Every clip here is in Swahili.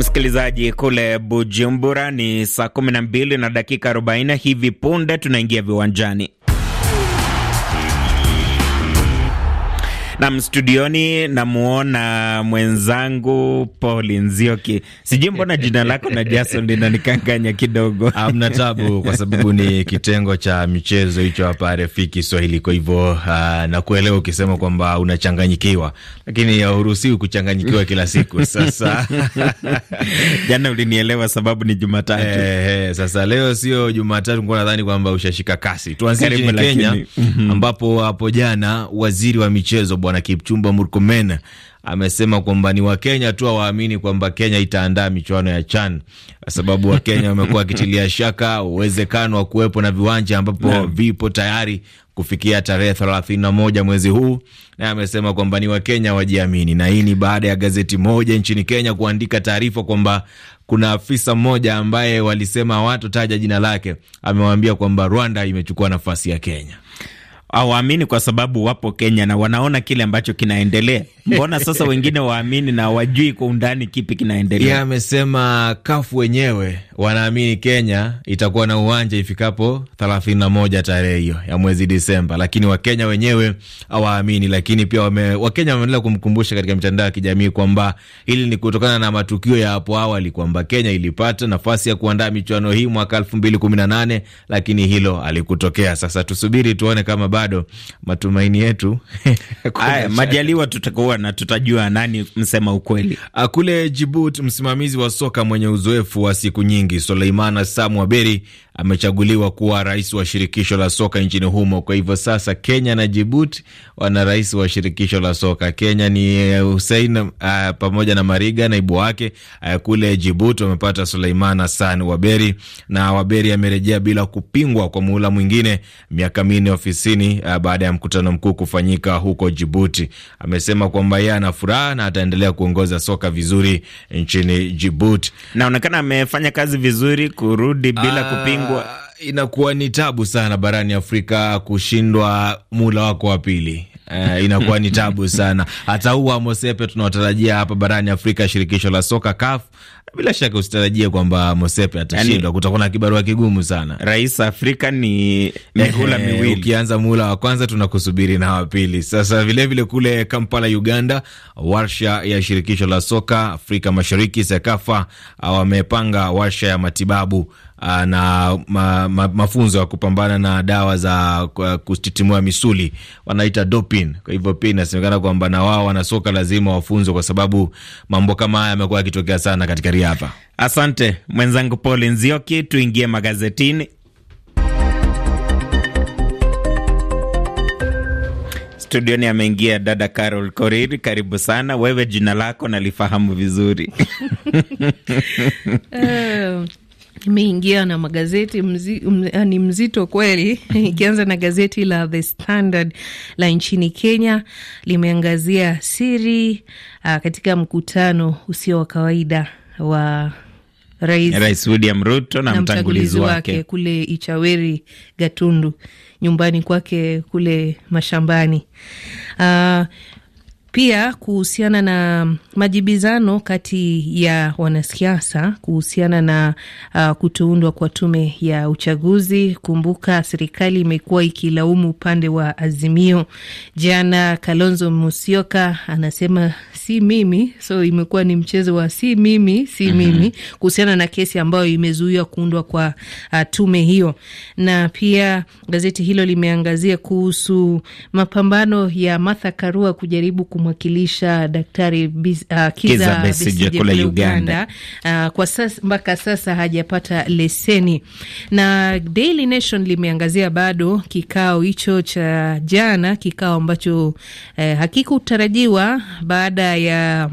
Msikilizaji kule Bujumbura ni saa 12 na dakika 40. Hivi punde tunaingia viwanjani. Nam studioni namuona mwenzangu Paul Nzioki, sijui mbona jina lako na Jason linanikanganya kidogo. Amna tabu, kwa sababu ni kitengo cha michezo hicho hapa RFI Kiswahili. Kwa hivyo uh, nakuelewa ukisema kwamba unachanganyikiwa, lakini hauruhusiwi kuchanganyikiwa kila siku. Sasa jana ulinielewa, sababu ni Jumatatu. Eh, eh, sasa leo sio Jumatatu, kuwa nadhani kwamba ushashika kasi. Tuanzie nchini Kenya, mm ambapo hapo jana waziri wa michezo Bwana Kipchumba Murkomen amesema kwamba ni Wakenya tu hawaamini kwamba Kenya itaandaa michuano ya CHAN kwa sababu Wakenya wamekuwa wakitilia shaka uwezekano wa kuwepo na viwanja ambapo yeah, vipo tayari kufikia tarehe thelathini na moja mwezi huu, naye amesema kwamba ni Wakenya wajiamini, na hii ni baada ya gazeti moja nchini Kenya kuandika taarifa kwamba kuna afisa mmoja ambaye walisema watu taja jina lake, amewaambia kwamba Rwanda imechukua nafasi ya Kenya hawaamini kwa sababu wapo Kenya na wanaona kile ambacho kinaendelea. Mbona sasa wengine waamini na wajui kwa undani kipi kinaendelea? Amesema kafu wenyewe wanaamini Kenya itakuwa na uwanja ifikapo 31 tarehe hiyo ya mwezi Disemba, lakini Wakenya wenyewe hawaamini. Lakini pia wame, Wakenya wameendelea kumkumbusha katika mitandao ya kijamii kwamba hili ni kutokana na matukio ya hapo awali kwamba Kenya ilipata nafasi ya kuandaa michuano hii mwaka 2018 lakini hilo alikutokea. Sasa tusubiri tuone kama bado matumaini yetu majaliwa tutakuwa na tutajua nani msema ukweli. Ah, kule jibut msimamizi wa soka mwenye uzoefu wa siku nyingi Suleiman Samu Aberi amechaguliwa kuwa rais wa shirikisho la soka nchini humo. Kwa hivyo sasa Kenya na Jibuti wana rais wa shirikisho la soka. Kenya ni eh, Husein uh, ah, pamoja na Mariga naibu wake. Uh, kule Jibuti wamepata Suleiman Hassan Waberi, na Waberi amerejea bila kupingwa kwa muhula mwingine miaka minne ofisini, uh, baada ya mkutano mkuu kufanyika huko Jibuti. Amesema kwamba yeye ana furaha na ataendelea kuongoza soka vizuri nchini Jibuti. Naonekana amefanya kazi vizuri kurudi bila uh, kupingwa inakuwa, ah, inakuwa ni tabu sana barani Afrika kushindwa mula wako wa pili. Uh, inakuwa ni tabu sana hata huu Amos Sepe tunaotarajia hapa barani Afrika, shirikisho la soka CAF, bila shaka usitarajie kwamba Amos Sepe yaani atashindwa yani, kutakuwa na kibarua kigumu sana. Rais Afrika ni mihula miwili, ukianza muhula wa kwanza tunakusubiri na wa pili. Sasa vilevile vile kule Kampala, Uganda, warsha ya shirikisho la soka Afrika Mashariki SEKAFA wamepanga warsha ya matibabu Ah, na ma, ma, mafunzo ya kupambana na dawa za kutitimua kustitimua misuli wanaita doping. Kwa hivyo pia inasemekana kwamba na wao wanasoka lazima wafunzwe, kwa sababu mambo kama haya yamekuwa yakitokea sana katika riadha. Asante mwenzangu Paul Nzioki, tuingie magazetini. Studioni ameingia dada Carol Korir, karibu sana. Wewe jina lako nalifahamu vizuri. Eh, Imeingia na magazeti mzi, eh, ni mzito kweli ikianza na gazeti la The Standard la nchini Kenya limeangazia siri uh, katika mkutano usio wa kawaida wa Rais, Rais William Ruto na, na mtangulizi wake, wake kule Ichaweri Gatundu nyumbani kwake kule mashambani. Uh, pia kuhusiana na majibizano kati ya wanasiasa kuhusiana na uh, kutoundwa kwa tume ya uchaguzi. Kumbuka serikali imekuwa ikilaumu upande wa Azimio. Jana Kalonzo Musyoka anasema si mimi, so imekuwa ni mchezo wa si mimi si mm -hmm. mimi kuhusiana na kesi ambayo imezuia kuundwa kwa uh, tume hiyo, na pia gazeti hilo limeangazia kuhusu mapambano ya Martha Karua kujaribu kumwakilisha Daktari Biz, uh, Kiza Besigye kule Uganda. Uh, kwa sasa mpaka sasa hajapata leseni, na Daily Nation limeangazia bado kikao hicho cha jana, kikao ambacho eh, hakikutarajiwa baada ya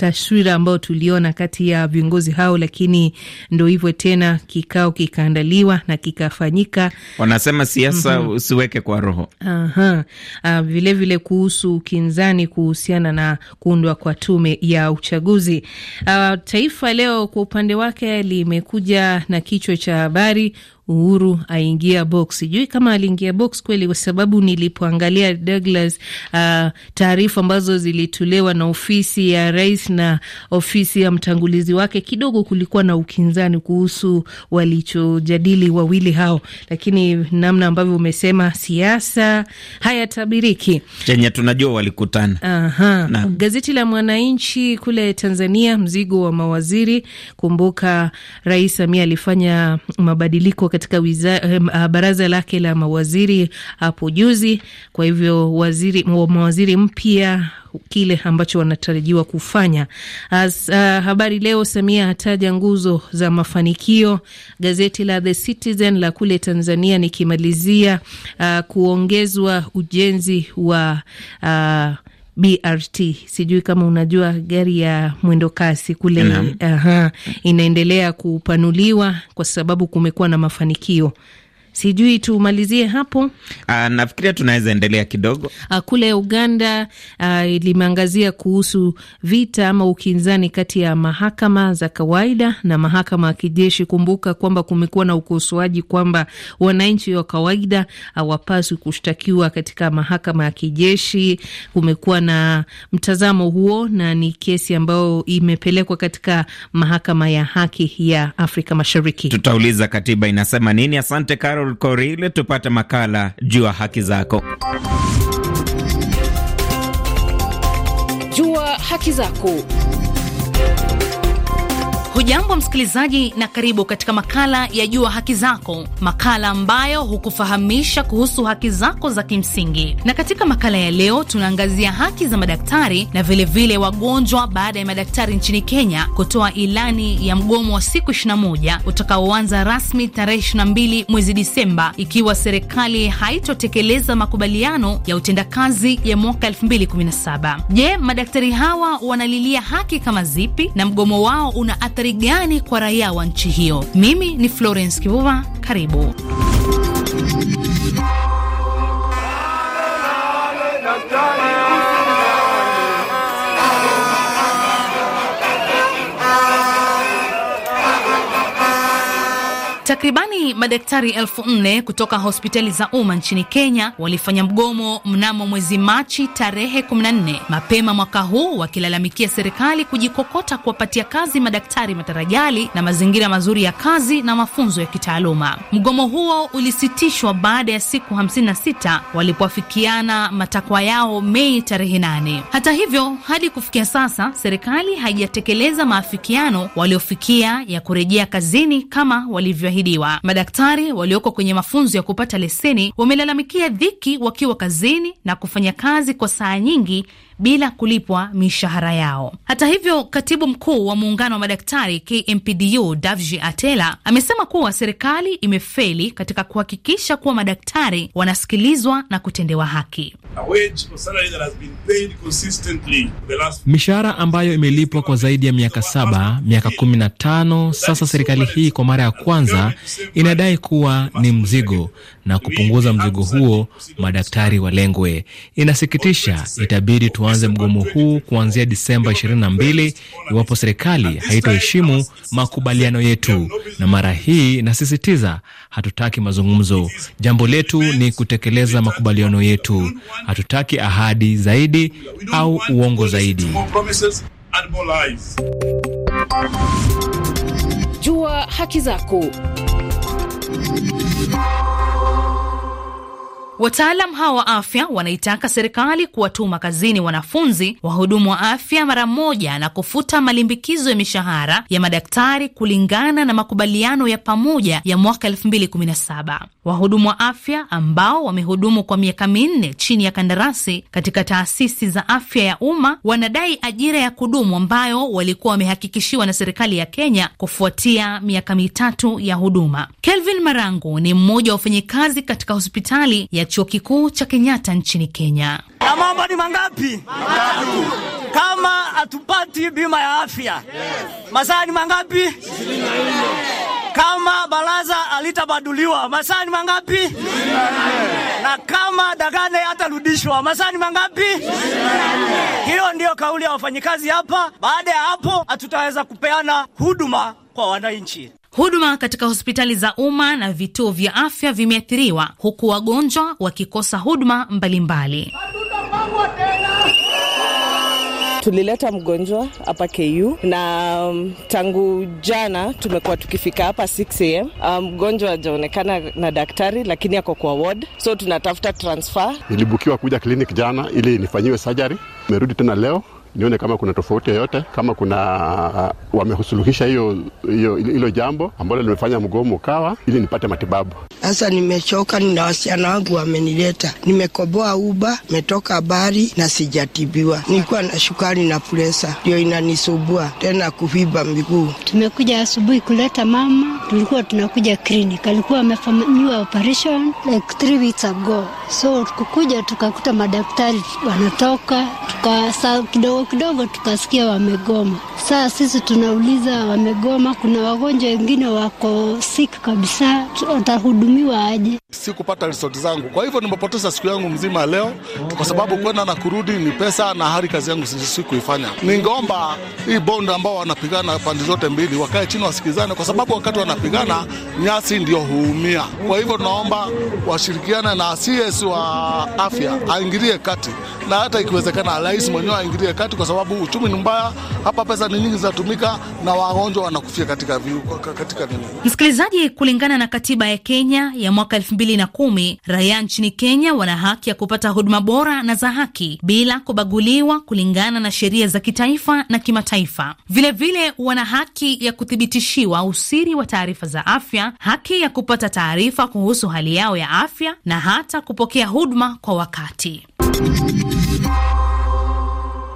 taswira ambayo tuliona kati ya viongozi hao, lakini ndo hivyo tena, kikao kikaandaliwa na kikafanyika. Wanasema siasa mm -hmm. usiweke kwa roho. Aha. Uh, vile vile kuhusu ukinzani kuhusiana na kuundwa kwa tume ya uchaguzi. Uh, Taifa Leo kwa upande wake limekuja na kichwa cha habari Uhuru aingia box. Sijui kama aliingia box kweli, kwa sababu nilipoangalia Douglas, uh, taarifa ambazo zilitolewa na ofisi ya rais na ofisi ya mtangulizi wake, kidogo kulikuwa na ukinzani kuhusu walichojadili wawili hao, lakini namna ambavyo umesema siasa hayatabiriki, chenye tunajua walikutana. Aha. Na gazeti la Mwananchi kule Tanzania, mzigo wa mawaziri. Kumbuka Rais Samia alifanya mabadiliko katika wiza, ah, baraza lake la mawaziri hapo juzi. Kwa hivyo waziri, mawaziri mpya kile ambacho wanatarajiwa kufanya. As, uh, habari leo, Samia hataja nguzo za mafanikio. Gazeti la The Citizen la kule Tanzania nikimalizia, uh, kuongezwa ujenzi wa uh, BRT. Sijui kama unajua gari ya mwendo kasi kule -huh. inaendelea kupanuliwa kwa sababu kumekuwa na mafanikio Sijui tumalizie hapo. Ah, nafikiria tunaweza endelea kidogo. Uh, kule Uganda ah, limeangazia kuhusu vita ama ukinzani kati ya mahakama za kawaida na mahakama ya kijeshi. Kumbuka kwamba kumekuwa na ukosoaji kwamba wananchi wa kawaida hawapaswi kushtakiwa katika mahakama ya kijeshi. Kumekuwa na mtazamo huo, na ni kesi ambayo imepelekwa katika mahakama ya haki ya Afrika Mashariki. Tutauliza katiba inasema nini. Asante Carol Carol Korile tupate makala juu ya haki zako. Jua haki zako Hujambo msikilizaji, na karibu katika makala ya Jua Haki Zako, makala ambayo hukufahamisha kuhusu haki zako za kimsingi. Na katika makala ya leo tunaangazia haki za madaktari na vilevile vile wagonjwa, baada ya madaktari nchini Kenya kutoa ilani ya mgomo wa siku 21 utakaoanza rasmi tarehe 22 mwezi Disemba, ikiwa serikali haitotekeleza makubaliano ya utendakazi ya mwaka 2017. Je, madaktari hawa wanalilia haki kama zipi na mgomo wao una athari gani kwa raia wa nchi hiyo? Mimi ni Florence Kivuva, karibu Takribani madaktari elfu nne kutoka hospitali za umma nchini Kenya walifanya mgomo mnamo mwezi Machi tarehe 14 mapema mwaka huu, wakilalamikia serikali kujikokota kuwapatia kazi madaktari matarajali na mazingira mazuri ya kazi na mafunzo ya kitaaluma. Mgomo huo ulisitishwa baada ya siku 56 walipoafikiana matakwa yao Mei tarehe 8. Hata hivyo, hadi kufikia sasa serikali haijatekeleza maafikiano waliofikia ya kurejea kazini kama walivyo walioahidiwa. Madaktari walioko kwenye mafunzo ya kupata leseni wamelalamikia dhiki wakiwa kazini na kufanya kazi kwa saa nyingi bila kulipwa mishahara yao. Hata hivyo, katibu mkuu wa muungano wa madaktari KMPDU Davji Atela amesema kuwa serikali imefeli katika kuhakikisha kuwa madaktari wanasikilizwa na kutendewa haki. Mishahara ambayo imelipwa kwa zaidi ya miaka saba, miaka kumi na tano sasa, serikali hii kwa mara ya kwanza inadai kuwa ni mzigo na kupunguza mzigo huo madaktari walengwe. Inasikitisha, itabidi tuanze mgomo huu kuanzia Disemba 22 iwapo serikali haitoheshimu makubaliano yetu, na mara hii inasisitiza hatutaki mazungumzo. Jambo letu ni kutekeleza makubaliano yetu. Hatutaki ahadi zaidi au uongo zaidi. Jua haki zako. Wataalam hawa wa afya wanaitaka serikali kuwatuma kazini wanafunzi wahudumu wa afya mara moja na kufuta malimbikizo ya mishahara ya madaktari kulingana na makubaliano ya pamoja ya mwaka 2017. Wahudumu wa afya ambao wamehudumu kwa miaka minne chini ya kandarasi katika taasisi za afya ya umma wanadai ajira ya kudumu ambayo walikuwa wamehakikishiwa na serikali ya Kenya kufuatia miaka mitatu ya huduma. Kelvin Marangu ni mmoja wa wafanyikazi katika hospitali ya chuo kikuu cha Kenyatta nchini Kenya. Na mambo ni mangapi? Kama hatupati bima ya afya yes. Masaa ni mangapi? Kama baraza alitabaduliwa masaa ni mangapi? Na kama Dagane atarudishwa masaa ni mangapi? Hiyo ndiyo kauli ya wafanyikazi hapa. Baada ya hapo, hatutaweza kupeana huduma kwa wananchi. Huduma katika hospitali za umma na vituo vya afya vimeathiriwa huku wagonjwa wakikosa huduma mbalimbali. Tulileta mgonjwa hapa KU na um, tangu jana tumekuwa tukifika hapa 6 am. Um, mgonjwa ajaonekana hajaonekana na daktari, lakini ako kwa ward, so tunatafuta transfer. Nilibukiwa kuja clinic jana ili nifanyiwe surgery, merudi tena leo nione kama kuna tofauti yoyote, kama kuna uh, wamesuluhisha hiyo hiyo hilo jambo ambalo limefanya mgomo ukawa, ili nipate matibabu. Sasa nimechoka, nina wasichana wangu wamenileta, nimekoboa uba, metoka bari na sijatibiwa. Nilikuwa na shukari na presa, ndio inanisubua tena kuvimba miguu. Tumekuja asubuhi kuleta mama, tulikuwa tunakuja clinic, alikuwa amefanyiwa operation like three weeks ago, so kukuja tukakuta madaktari wanatoka, tukasaa kidogo kidogo kidogo tukasikia wamegoma. Saa sisi tunauliza wamegoma, kuna wagonjwa wengine wako sik kabisa, watahudumiwa aje? Sikupata risoti zangu, kwa hivyo nimepoteza siku yangu mzima leo, kwa sababu kwenda na kurudi ni pesa na hali kazi yangu kuifanya Ningeomba hii bondi ambao wanapigana pande zote mbili wakae chini wasikizane, kwa sababu wakati wanapigana nyasi ndio huumia. Kwa hivyo tunaomba washirikiane na CS wa afya aingilie kati na hata ikiwezekana rais mwenyewe aingilie kati wakati, kwa sababu uchumi ni mbaya hapa, pesa ni nyingi zinatumika na wagonjwa wanakufia katika viu, katika nini. Msikilizaji, kulingana na katiba ya Kenya ya mwaka elfu mbili na kumi, raia nchini Kenya wana haki ya kupata huduma bora na za haki bila kubaguliwa kulingana na sheria za kitaifa na kimataifa. Vilevile wana haki ya kuthibitishiwa usiri wa taarifa za afya, haki ya kupata taarifa kuhusu hali yao ya afya na hata kupokea huduma kwa wakati.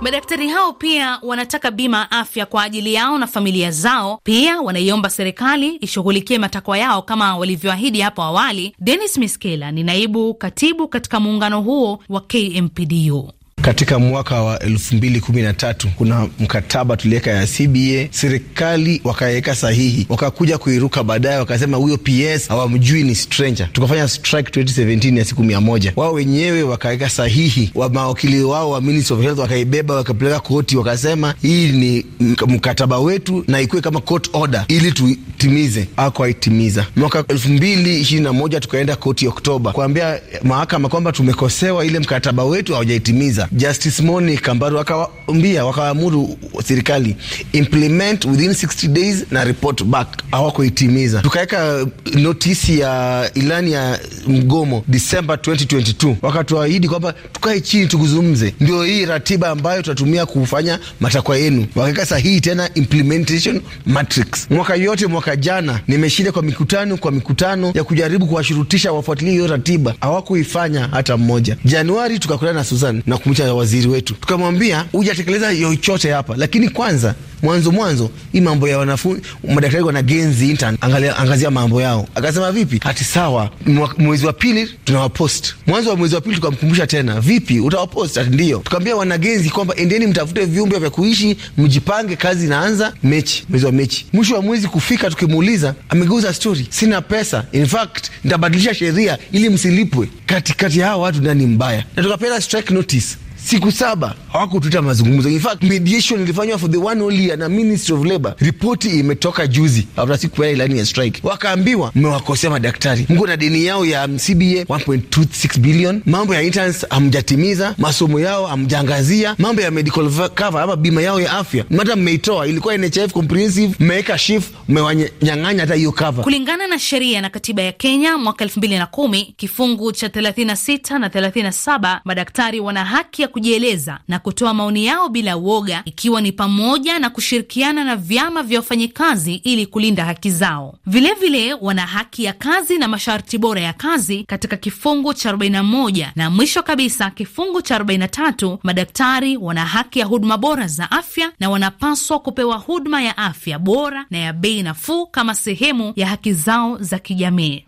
Madaktari hao pia wanataka bima ya afya kwa ajili yao na familia zao. Pia wanaiomba serikali ishughulikie matakwa yao kama walivyoahidi hapo awali. denis Miskela ni naibu katibu katika muungano huo wa KMPDU katika mwaka wa elfu mbili kumi na tatu kuna mkataba tuliweka ya CBA, serikali wakaweka sahihi, wakakuja kuiruka baadaye, wakasema huyo PS hawamjui ni stranger. Tukafanya strike 2017 ya siku mia moja, wao wenyewe wakaweka sahihi, wa mawakili wao wa Ministry of Health wakaibeba wakapeleka koti, wakasema hii ni mkataba wetu na ikuwe kama court order ili tutimize. Akwaitimiza mwaka elfu mbili ishirini na moja tukaenda koti Oktoba kuambia mahakama kwamba tumekosewa, ile mkataba wetu hawajaitimiza Justice Moni Kambaro akawaambia wakaamuru serikali implement within 60 days na report back. Hawakuitimiza, tukaweka notisi ya ilani ya mgomo December 2022, wakatuahidi kwamba tukae chini tuguzumze, ndio hii ratiba ambayo tutatumia kufanya matakwa yenu. Wakaweka sahihi tena implementation matrix. Mwaka yote mwaka jana nimeshinda kwa mikutano kwa mikutano ya kujaribu kuwashurutisha wafuatilie hiyo ratiba, hawakuifanya hata mmoja. Januari tukakutana na Susan na kumcha cha waziri wetu, tukamwambia hujatekeleza yochote hapa, lakini kwanza mwanzo mwanzo hii mambo ya wanafunzi madaktari wana genzi intern, angalia, angazia mambo yao. Akasema vipi? Ati sawa, mwezi wa pili tunawapost. Mwanzo wa mwezi wa pili tukamkumbusha tena, vipi utawapost? Ati ndio. Tukaambia wanagenzi kwamba endeni mtafute vyumba vya kuishi, mjipange, kazi inaanza mechi, mwezi wa mechi. Mwisho wa mwezi kufika, tukimuuliza amegeuza story, sina pesa, in fact nitabadilisha sheria ili msilipwe. Katikati ya hao watu nani mbaya? Na tukapeana strike notice siku saba hawakutuita mazungumzo. In fact, mediation ilifanywa for the one whole na Ministry of Labor. Ripoti imetoka juzi after siku ya ilani ya strike, wakaambiwa mmewakosea madaktari, mko na deni yao ya CBA 1.26 billion, mambo ya interns hamjatimiza, masomo yao hamjaangazia, mambo ya medical cover ama bima yao ya afya mata mmeitoa, ilikuwa NHIF comprehensive, mmeweka SHIF, mmewanyang'anya hata hiyo cover. Kulingana na sheria na katiba ya Kenya mwaka 2010 kifungu cha 36 na 37, madaktari wana haki ya kujieleza na kutoa maoni yao bila woga, ikiwa ni pamoja na kushirikiana na vyama vya wafanyikazi ili kulinda haki zao. Vilevile vile, wana haki ya kazi na masharti bora ya kazi katika kifungu cha 41 na mwisho kabisa kifungu cha 43, madaktari wana haki ya huduma bora za afya na wanapaswa kupewa huduma ya afya bora na ya bei nafuu kama sehemu ya haki zao za kijamii.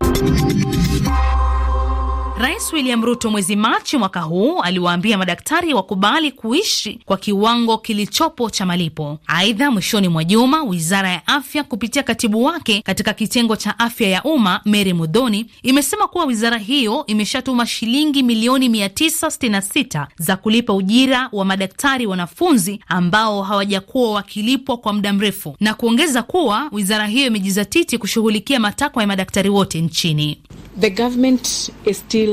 Rais William Ruto mwezi Machi mwaka huu aliwaambia madaktari wakubali kuishi kwa kiwango kilichopo cha malipo. Aidha, mwishoni mwa juma wizara ya afya kupitia katibu wake katika kitengo cha afya ya umma Mary Mudhoni imesema kuwa wizara hiyo imeshatuma shilingi milioni 966 za kulipa ujira wa madaktari wanafunzi ambao hawajakuwa wakilipwa kwa muda mrefu, na kuongeza kuwa wizara hiyo imejizatiti kushughulikia matakwa ya madaktari wote nchini. The government is still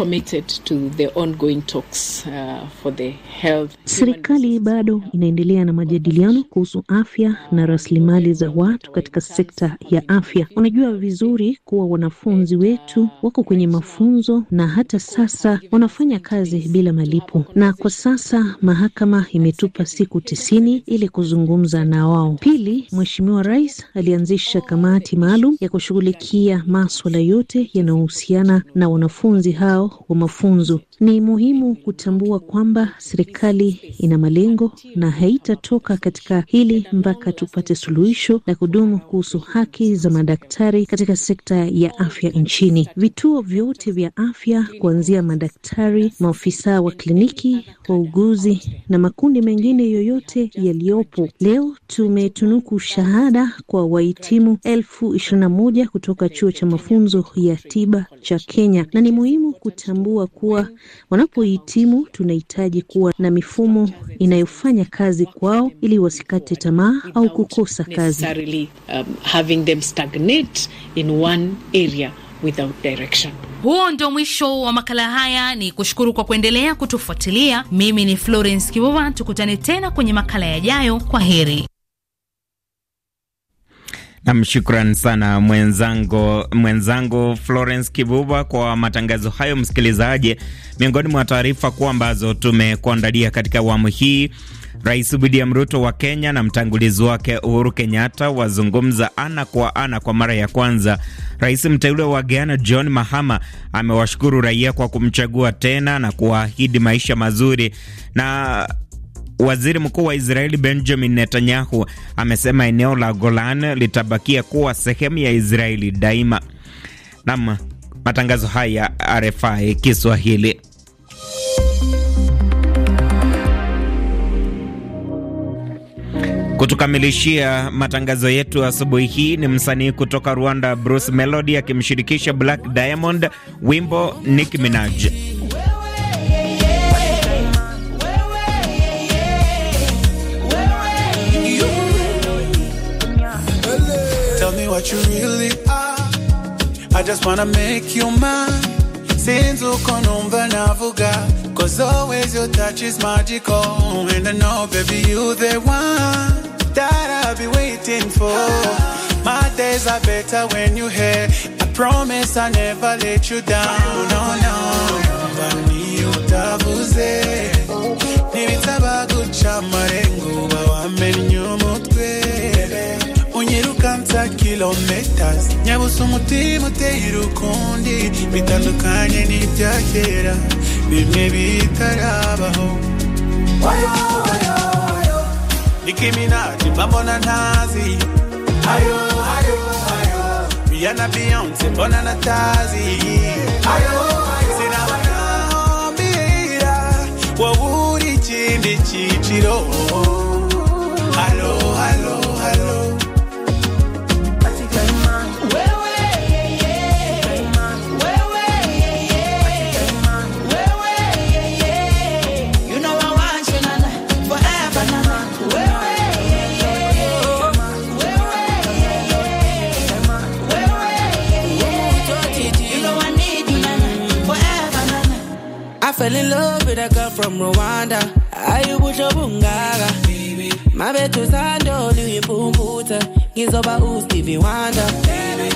committed to the ongoing talks, uh, for the health. Serikali bado inaendelea na majadiliano kuhusu afya na rasilimali za watu katika sekta ya afya. Unajua vizuri kuwa wanafunzi wetu wako kwenye mafunzo na hata sasa wanafanya kazi bila malipo, na kwa sasa mahakama imetupa siku tisini ili kuzungumza na wao. Pili, Mheshimiwa Rais alianzisha kamati maalum ya kushughulikia maswala yote yanayohusiana na wanafunzi hao wa mafunzo. Ni muhimu kutambua kwamba serikali ina malengo na haitatoka katika hili mpaka tupate suluhisho la kudumu kuhusu haki za madaktari katika sekta ya afya nchini. Vituo vyote vya afya kuanzia madaktari, maofisa wa kliniki, wauguzi na makundi mengine yoyote yaliyopo leo, tumetunuku shahada kwa wahitimu elfu ishirini na moja kutoka chuo cha mafunzo ya tiba cha Kenya na ni muhimu kutambua kuwa wanapohitimu, tunahitaji kuwa na mifumo inayofanya kazi kwao ili wasikate tamaa au kukosa kazi. Um, Huo ndio mwisho wa makala haya. Ni kushukuru kwa kuendelea kutufuatilia. Mimi ni Florence Kivuva, tukutane tena kwenye makala yajayo. Kwa heri. Namshukran sana mwenzangu, mwenzangu Florence Kibuba kwa matangazo hayo. Msikilizaji, miongoni mwa taarifa kuu ambazo tumekuandalia katika awamu hii, Rais William Ruto wa Kenya na mtangulizi wake Uhuru Kenyatta wazungumza ana kwa ana kwa mara ya kwanza. Rais mteule wa Ghana John Mahama amewashukuru raia kwa kumchagua tena na kuahidi maisha mazuri na Waziri Mkuu wa Israeli Benjamin Netanyahu amesema eneo la Golan litabakia kuwa sehemu ya Israeli daima. Nam, matangazo haya RFI Kiswahili. Kutukamilishia matangazo yetu asubuhi hii ni msanii kutoka Rwanda Bruce Melody akimshirikisha Black Diamond wimbo Nicki Minaj. what you really are. I just wanna make you mine. Since ukonumba navuga, cause always your touch is magical. And I know, baby, you the one that I'll be waiting for. My days are better when you are here. I promise I will never let you down. No, no. utavuze, nibitaba guca amarengo, bawa umutwe unyirukansa kilometers nyabusa umutima uteye urukundi bitandukanye n'ibya kera bimwe bitarabaho nikiminaji mbambona ntazi ayo ayo ayo biya na beyonce mbona natazi ayo sinabona aho mbira wowe uri ikindi cyiciro Rwanda, ayibusho bungaka mabetu sandoli iphumbuta ngizoba ustevie wonder Baby.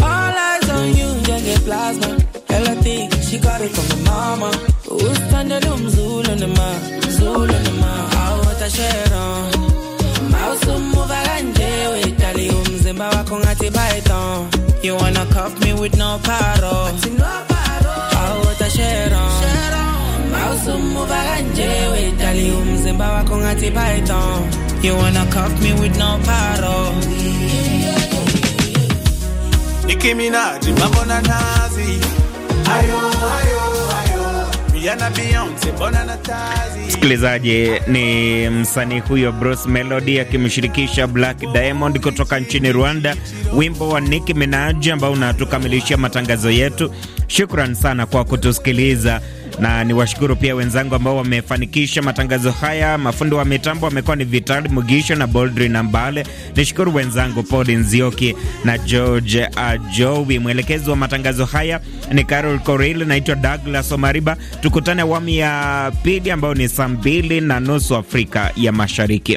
all eyes on you njengeplasma hella thick she got it from her mama usithandela umzulu nema mzulu nema awotashera mawusumuva kanje wedali umzimba wakho ngathi python you wanna cuff me with no paro on. you wanna cuff me with no paro Nicki Minaj, mambo na nazi ayo ayo ayo Beyonce, bona na tazi Msikilizaji, ni msanii huyo Bruce Melody akimshirikisha Black Diamond kutoka nchini Rwanda, wimbo wa Nicki Minaj ambao unatukamilishia matangazo yetu. Shukran sana kwa kutusikiliza na niwashukuru pia wenzangu ambao wamefanikisha matangazo haya. Mafundi wa mitambo wamekuwa ni Vitali Mugisho na Boldrin ni Nishukuru wenzangu Paul Nzioki na George Ajowi. Mwelekezi wa matangazo haya ni Carol Coril. Naitwa Douglas Omariba. Tukutane awamu ya pili ambayo ni saa mbili na nusu Afrika ya Mashariki.